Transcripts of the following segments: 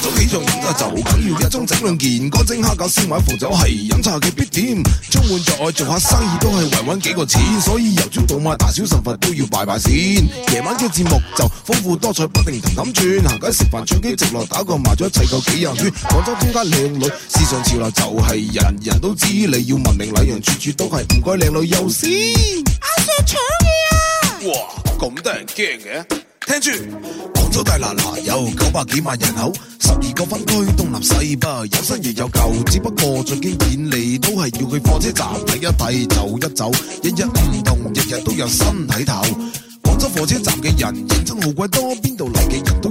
早起床，飲茶就緊要，一盅整兩件，乾蒸、蝦餃、燒賣扶酒、係飲茶嘅必點，充滿愛做，下生意都係為揾幾個錢，所以由朝到晚，大小神佛都要拜拜先。夜晚嘅節目就豐富多彩，不定氹氹轉，行街食飯唱 K 直落，打個麻雀，一齊夠幾廿圈？廣州中間靚女，時尚潮流就係人人都知，你要文明禮讓，處處都係唔該靚女友先阿 Sir 搶嘢啊！哇、啊，咁得人驚嘅？聽住，廣州，大喇喇有九百幾萬人口，十二個分區，東南西北，有新亦有舊，只不過最經典你都係要去火車站睇一睇，走一走，一日日唔同，日日都有新睇頭。廣州火車站嘅人，認真好鬼多，邊度嚟嘅人都。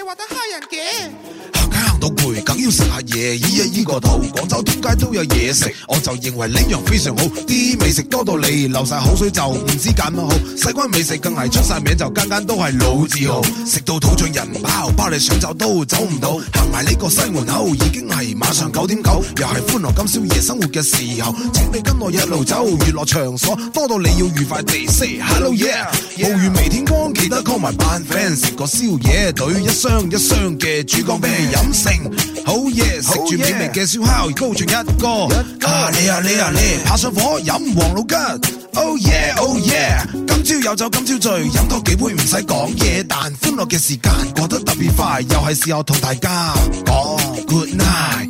你話得人嘅行街行到攰，梗要食下嘢。依依依個度，廣州通街都有嘢食，我就認為呢樣非常好。啲美食多到你流晒口水，就唔知揀乜好。西關美食更係出晒名，就間間都係老字號，食到肚脹人飽，包你想走都走唔到。行埋呢個西門口，已經係晚上九點九，又係歡樂今宵夜生活嘅時候，請你跟我一路走，娛樂場所多到你要愉快地 say hello yeah。Yeah. 暴雨微天光，記得 call 埋班 friend 食個宵夜，隊一一箱嘅珠江啤飲成，好嘢，食住美味嘅燒烤，高唱一個，oh、yeah, 啊 yeah, 你啊你啊你，怕 yeah, 上火飲王 yeah, 老吉，Oh yeah oh yeah，今朝有酒今朝醉，飲多幾杯唔使講嘢，但歡樂嘅時間過得特別快，又係時候同大家講 Good night。